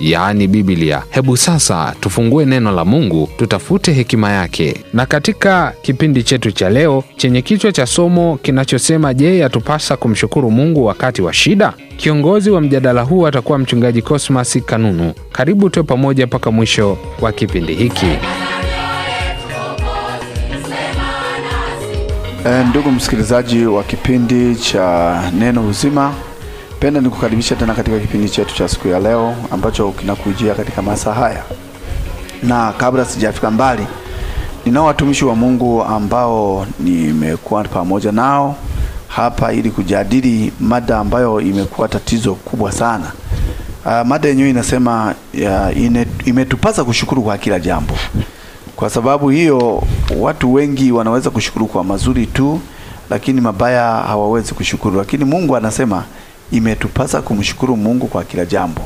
yaani Biblia. Hebu sasa tufungue neno la Mungu, tutafute hekima yake. Na katika kipindi chetu cha leo chenye kichwa cha somo kinachosema je, yatupasa kumshukuru Mungu wakati wa shida? Kiongozi wa mjadala huu atakuwa mchungaji Cosmas Kanunu. Karibu tuwe pamoja mpaka mwisho wa kipindi hiki. Eh, ndugu msikilizaji wa kipindi cha Neno Uzima, Penda nikukaribisha tena katika kipindi chetu cha siku ya leo ambacho kinakujia katika masaa haya, na kabla sijafika mbali, ninao watumishi wa Mungu ambao nimekuwa pamoja nao hapa ili kujadili mada ambayo imekuwa tatizo kubwa sana. Uh, mada yenyewe inasema uh, ine, imetupasa kushukuru kwa kila jambo. Kwa sababu hiyo, watu wengi wanaweza kushukuru kwa mazuri tu, lakini mabaya hawawezi kushukuru. Lakini Mungu anasema imetupasa kumshukuru Mungu kwa kila jambo.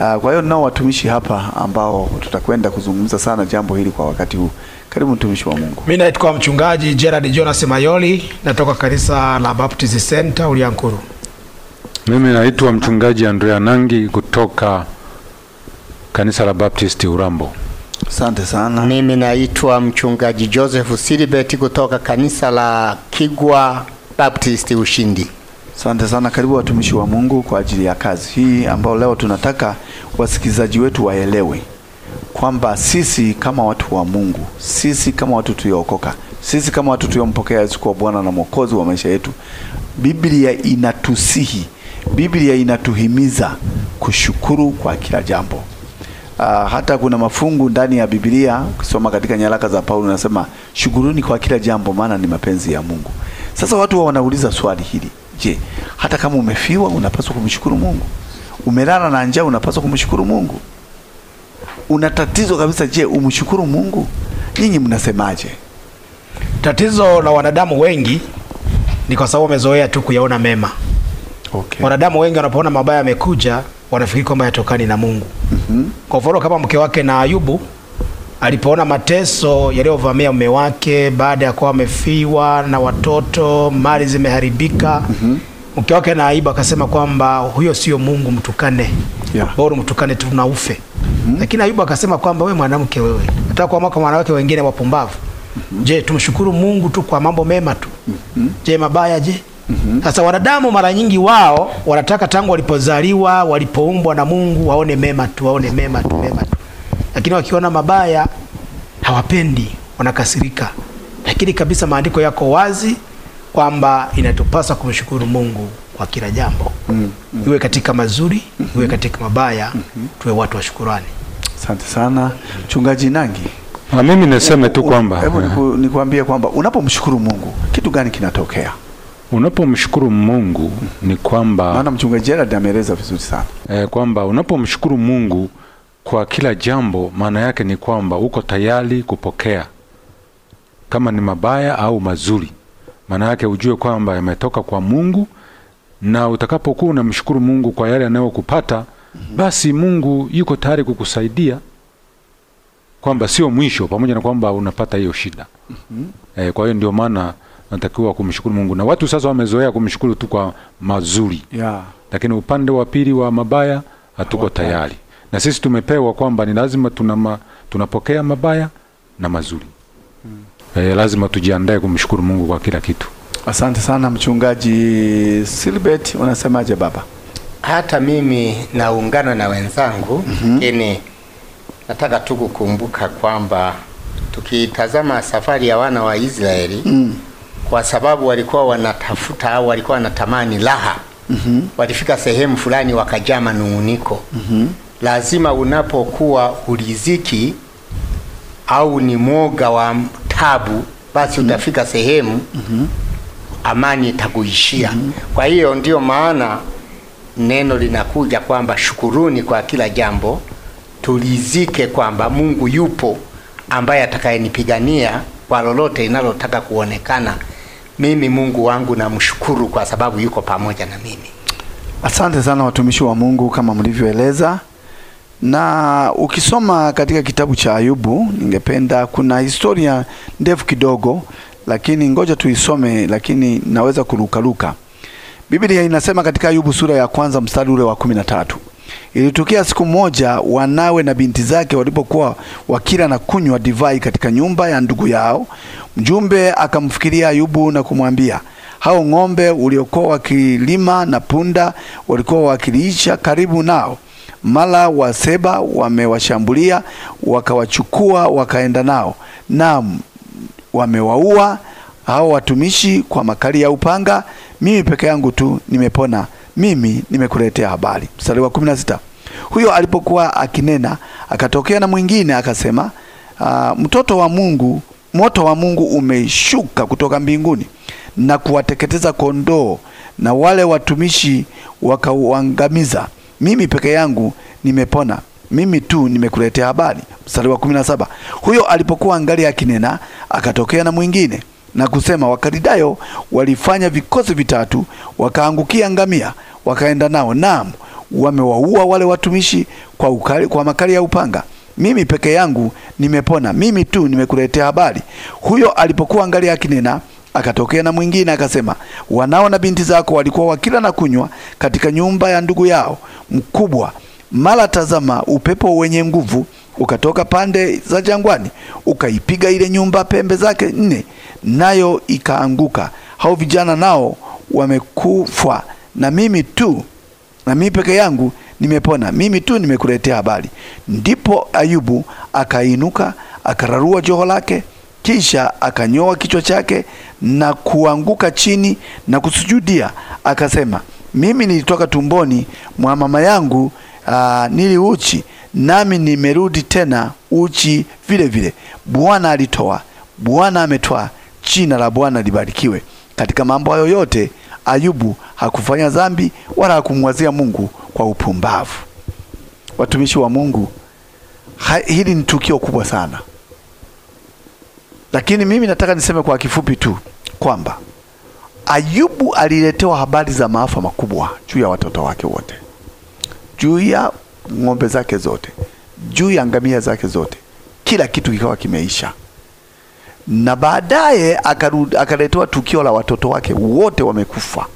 Uh, kwa hiyo nao watumishi hapa ambao tutakwenda kuzungumza sana jambo hili kwa wakati huu. Karibu mtumishi wa Mungu. Mimi naitwa mchungaji Gerard Jonas Mayoli, natoka kanisa la Baptist Center Uliankuru. Mimi naitwa mchungaji Andrea Nangi kutoka kanisa la Baptist Urambo. Asante sana. Mimi naitwa mchungaji Joseph Silibeti kutoka kanisa la Kigwa Baptist Ushindi. Asante sana. Karibu watumishi wa Mungu kwa ajili ya kazi hii ambayo leo tunataka wasikilizaji wetu waelewe kwamba sisi kama watu wa Mungu, sisi kama watu tuliookoka, sisi kama watu tuliompokea Yesu kwa Bwana na Mwokozi wa maisha yetu, Biblia inatusihi, Biblia inatuhimiza kushukuru kwa kila jambo. Uh, hata kuna mafungu ndani ya Biblia ukisoma katika nyaraka za Paulo nasema shukuruni kwa kila jambo, maana ni mapenzi ya Mungu. Sasa watu wa wanauliza swali hili Je, hata kama umefiwa unapaswa kumshukuru Mungu? Umelala na njaa unapaswa kumshukuru Mungu? Una tatizo kabisa, je, umshukuru Mungu? Nyinyi mnasemaje? Tatizo la wanadamu wengi ni kwa sababu wamezoea tu kuyaona mema. Okay. Wanadamu wengi wanapoona mabaya yamekuja wanafikiri kwamba yatokani na Mungu. Mm -hmm. Kwa mfano kama mke wake na Ayubu alipoona mateso yaliyovamia mume wake baada ya kuwa amefiwa na watoto, mali zimeharibika, mhm. mke mm -hmm. wake na aibu, akasema kwamba huyo sio Mungu, mtukane yeah. bora mtukane tu na ufe mm -hmm. Lakini Ayubu akasema kwamba we mwanamke wewe, hata kwa mwaka wanawake wengine wapumbavu mm -hmm. Je, tumshukuru Mungu tu kwa mambo mema tu mm -hmm. Je, mabaya je? Mhm. Sasa wanadamu mara nyingi wao wanataka tangu walipozaliwa walipoumbwa na Mungu waone mema tu, waone mema tu, mema tu lakini wakiona mabaya hawapendi, wanakasirika. Lakini kabisa maandiko yako wazi kwamba inatupasa kumshukuru Mungu kwa kila jambo mm, mm. iwe katika mazuri mm -hmm. iwe katika mabaya mm -hmm. tuwe watu wa shukurani. Asante sana Mchungaji Nangi. Na mimi niseme tu kwamba hebu eh. nikuambie kwamba unapomshukuru Mungu kitu gani kinatokea? Unapomshukuru Mungu ni kwamba maana Mchungaji Gerald ameeleza vizuri sana Eh, kwamba unapomshukuru Mungu kwa kila jambo, maana yake ni kwamba uko tayari kupokea, kama ni mabaya au mazuri. Maana yake ujue kwamba yametoka kwa Mungu, na utakapokuwa unamshukuru Mungu kwa yale anayokupata, mhm. basi Mungu yuko tayari kukusaidia kwamba sio mwisho, pamoja na kwamba unapata hiyo shida mm -hmm. E, kwa hiyo ndio maana natakiwa kumshukuru Mungu, na watu sasa wamezoea kumshukuru tu kwa mazuri yeah. Lakini upande wa pili wa mabaya hatuko tayari na sisi tumepewa kwamba ni lazima tuna ma, tunapokea mabaya na mazuri hmm. E, lazima tujiandae kumshukuru Mungu kwa kila kitu. Asante sana mchungaji Silbert, unasemaje baba? Hata mimi naungana na wenzangu mhm. lakini mm -hmm. nataka tu kukumbuka kwamba tukitazama safari ya wana wa Israeli mm. kwa sababu walikuwa wanatafuta au walikuwa wanatamani raha mm -hmm. walifika sehemu fulani wakajaa manung'uniko mm -hmm lazima unapokuwa uliziki au ni mwoga wa tabu, basi mhm. utafika sehemu mm -hmm. amani itakuishia. mm -hmm. Kwa hiyo ndiyo maana neno linakuja kwamba shukuruni kwa kila jambo, tulizike kwamba Mungu yupo ambaye atakayenipigania kwa lolote linalotaka kuonekana. Mimi Mungu wangu namshukuru kwa sababu yuko pamoja na mimi. Asante sana watumishi wa Mungu, kama mlivyoeleza na ukisoma katika kitabu cha Ayubu, ningependa kuna historia ndefu kidogo, lakini ngoja tuisome, lakini naweza kurukaruka. Biblia inasema katika Ayubu sura ya kwanza mstari ule wa kumi na tatu Ilitukia siku moja, wanawe na binti zake walipokuwa wakila na kunywa divai katika nyumba ya ndugu yao, mjumbe akamfikiria Ayubu na kumwambia, hao ng'ombe uliokuwa wakilima na punda walikuwa wakilisha karibu nao mara waseba wamewashambulia wakawachukua wakaenda nao, naam, wamewaua hao watumishi kwa makali ya upanga. Mimi peke yangu tu nimepona, mimi nimekuletea habari. Mstari wa kumi na sita huyo alipokuwa akinena, akatokea na mwingine akasema, uh, mtoto wa Mungu, moto wa Mungu umeshuka kutoka mbinguni na kuwateketeza kondoo na wale watumishi wakauangamiza mimi peke yangu nimepona, mimi tu nimekuletea habari. Mstari wa kumi na saba huyo alipokuwa angali akinena, akatokea na mwingine na kusema, Wakalidayo walifanya vikosi vitatu, wakaangukia ngamia, wakaenda nao, naam, wamewaua wale watumishi kwa, ukali, kwa makali ya upanga. Mimi peke yangu nimepona, mimi tu nimekuletea habari. Huyo alipokuwa angali akinena Akatokea na mwingine akasema, wanao na binti zako walikuwa wakila na kunywa katika nyumba ya ndugu yao mkubwa. Mara tazama, upepo wenye nguvu ukatoka pande za jangwani ukaipiga ile nyumba pembe zake nne, nayo ikaanguka. Hao vijana nao wamekufa, na mimi tu na mimi peke yangu nimepona, mimi tu nimekuletea habari. Ndipo Ayubu akainuka akararua joho lake kisha akanyoa kichwa chake na kuanguka chini na kusujudia, akasema, mimi nilitoka tumboni mwa mama yangu, aa, ah, nili uchi nami nimerudi tena uchi vile vile. Bwana alitoa, Bwana ametoa, jina la Bwana libarikiwe. Katika mambo hayo yote Ayubu hakufanya dhambi wala hakumwazia Mungu kwa upumbavu. Watumishi wa Mungu, hili ni tukio kubwa sana. Lakini mimi nataka niseme kwa kifupi tu kwamba Ayubu aliletewa habari za maafa makubwa juu ya watoto wake wote, juu ya ng'ombe zake zote, juu ya ngamia zake zote, kila kitu kikawa kimeisha. Na baadaye akaletewa tukio la watoto wake wote wamekufa.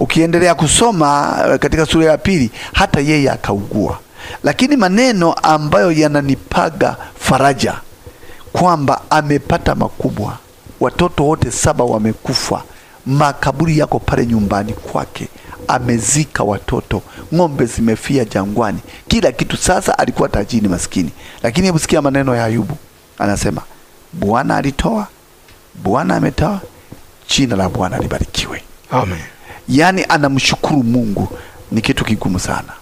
Ukiendelea kusoma eh, katika sura ya pili, hata yeye akaugua. Lakini maneno ambayo yananipaga faraja kwamba amepata makubwa, watoto wote saba wamekufa, makaburi yako pale nyumbani kwake, amezika watoto, ng'ombe zimefia jangwani, kila kitu. Sasa alikuwa tajiri maskini, lakini hebu sikia maneno ya Ayubu, anasema Bwana alitoa, Bwana ametoa, jina la Bwana libarikiwe. Amen. Yaani anamshukuru Mungu. Ni kitu kigumu sana,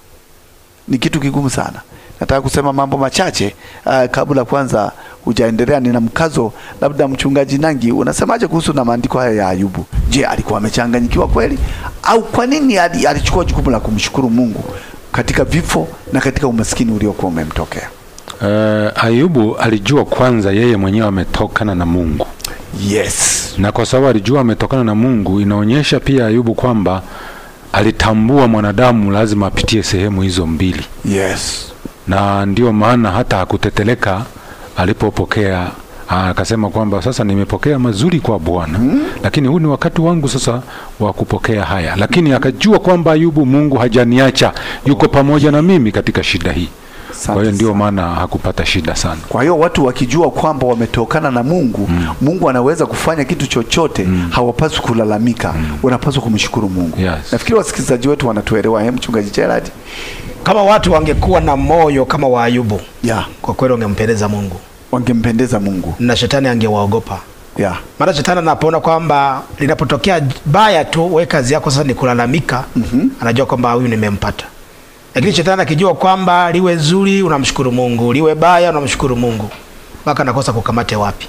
ni kitu kigumu sana. Nataka kusema mambo machache uh, kabla kwanza hujaendelea. Nina mkazo labda, mchungaji Nangi, unasemaje kuhusu na maandiko haya ya Ayubu? Je, alikuwa amechanganyikiwa kweli, au kwa nini alichukua jukumu la kumshukuru Mungu katika vifo na katika umaskini uliokuwa umemtokea? Uh, Ayubu alijua kwanza yeye mwenyewe ametokana na Mungu. Yes. Na kwa sababu alijua ametokana na Mungu, inaonyesha pia Ayubu kwamba alitambua mwanadamu lazima apitie sehemu hizo mbili. Yes na ndio maana hata hakuteteleka alipopokea ah, akasema kwamba sasa nimepokea mazuri kwa Bwana mm. Lakini huu ni wakati wangu sasa wa kupokea haya, lakini akajua kwamba Ayubu, Mungu hajaniacha, yuko pamoja na mimi katika shida hii. Kwa hiyo ndio maana hakupata shida sana. Kwa hiyo watu wakijua kwamba wametokana na Mungu mm. Mungu anaweza kufanya kitu chochote mm. hawapaswi kulalamika mm. wanapaswa kumshukuru Mungu yes. Nafikiri wasikilizaji wetu wanatuelewa, Hem, eh, mchungaji Gerard, kama watu wangekuwa na moyo kama wa Ayubu yeah. kwa kweli wangempendeza Mungu, wangempendeza Mungu na shetani angewaogopa yeah. Mara shetani anapoona kwamba linapotokea baya tu, we kazi yako sasa ni kulalamika mm -hmm. anajua kwamba huyu nimempata lakini shetani akijua kwamba liwe zuri unamshukuru Mungu, liwe baya unamshukuru Mungu, mpaka nakosa kukamate wapi.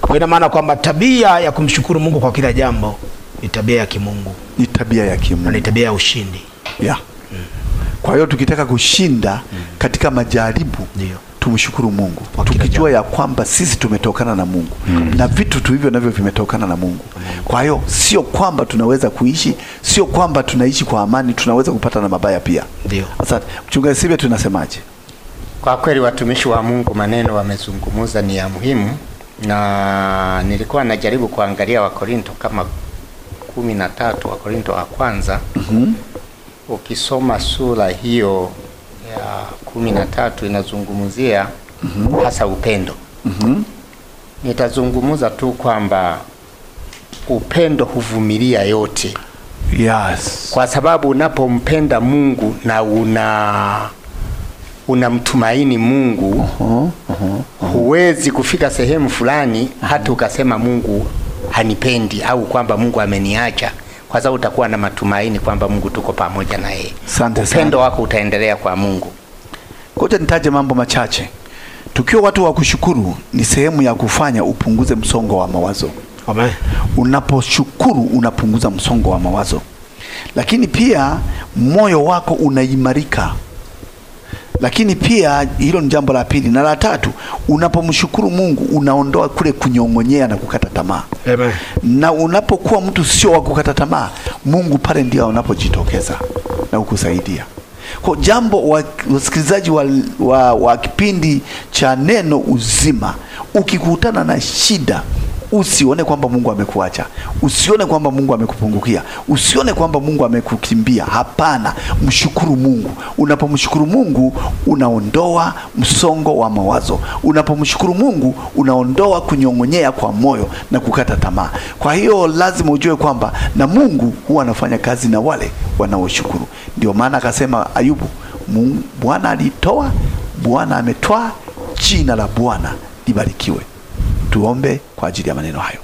Kwa ina maana kwamba tabia ya kumshukuru Mungu kwa kila jambo ni tabia ya kimungu, ni tabia ya kimungu, ni tabia ya ushindi yeah. mm. Kwa hiyo tukitaka kushinda mm. katika majaribu ndio tumshukuru Mungu tukijua ya kwamba sisi tumetokana na Mungu mm. na vitu hivyo navyo vimetokana na Mungu. Kwa hiyo sio kwamba tunaweza kuishi, sio kwamba tunaishi kwa amani, tunaweza kupata na mabaya pia. Ndio asante mchungaji Sibe, tunasemaje? Kwa kweli watumishi wa Mungu, maneno wamezungumuza ni ya muhimu, na nilikuwa najaribu kuangalia Wakorinto kama kumi na tatu Wakorinto wa kwanza mm -hmm. ukisoma sura hiyo kumi na tatu inazungumzia mm -hmm. hasa upendo mm -hmm. nitazungumza tu kwamba upendo huvumilia yote yes. kwa sababu unapompenda Mungu na una unamtumaini Mungu uh -huh, uh -huh, uh uh-huh. huwezi kufika sehemu fulani uh -huh. hata uh-huh. ukasema Mungu hanipendi au kwamba Mungu ameniacha kwa sababu utakuwa na matumaini kwamba Mungu tuko pamoja na yeye. Upendo wako utaendelea kwa Mungu. Ngoja nitaje mambo machache. Tukiwa watu wa kushukuru ni sehemu ya kufanya upunguze msongo wa mawazo. Amen. Unaposhukuru unapunguza msongo wa mawazo, lakini pia moyo wako unaimarika. Lakini pia hilo ni jambo la pili, na la tatu, unapomshukuru Mungu unaondoa kule kunyong'onyea na kukata tamaa. Amen. Na unapokuwa mtu sio wa kukata tamaa, Mungu pale ndio anapojitokeza na kukusaidia. Kwa jambo wa, wasikilizaji wa, wa, wa kipindi cha neno uzima, ukikutana na shida usione kwamba Mungu amekuacha, usione kwamba Mungu amekupungukia, usione kwamba Mungu amekukimbia. Hapana, mshukuru Mungu. Unapomshukuru Mungu unaondoa msongo wa mawazo, unapomshukuru Mungu unaondoa kunyong'onyea kwa moyo na kukata tamaa. Kwa hiyo lazima ujue kwamba na Mungu huwa anafanya kazi na wale wanaoshukuru. Ndio maana akasema Ayubu, Bwana alitoa, Bwana ametwaa, jina la Bwana libarikiwe. Tuombe kwa ajili ya maneno hayo.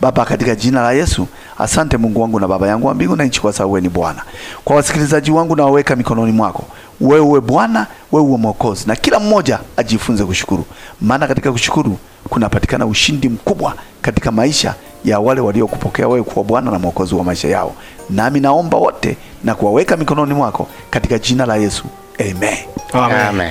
Baba, katika jina la Yesu, asante Mungu wangu na Baba yangu wa mbingu na nchi, kwa sababu wewe ni Bwana. Kwa wasikilizaji wangu nawaweka mikononi mwako, wewe uwe Bwana, wewe uwe Mwokozi, na kila mmoja ajifunze kushukuru, maana katika kushukuru kunapatikana ushindi mkubwa katika maisha ya wale waliokupokea wewe kuwa Bwana na Mwokozi wa maisha yao. Nami naomba wote na kuwaweka mikononi mwako katika jina la Yesu, amen. Amen. Amen.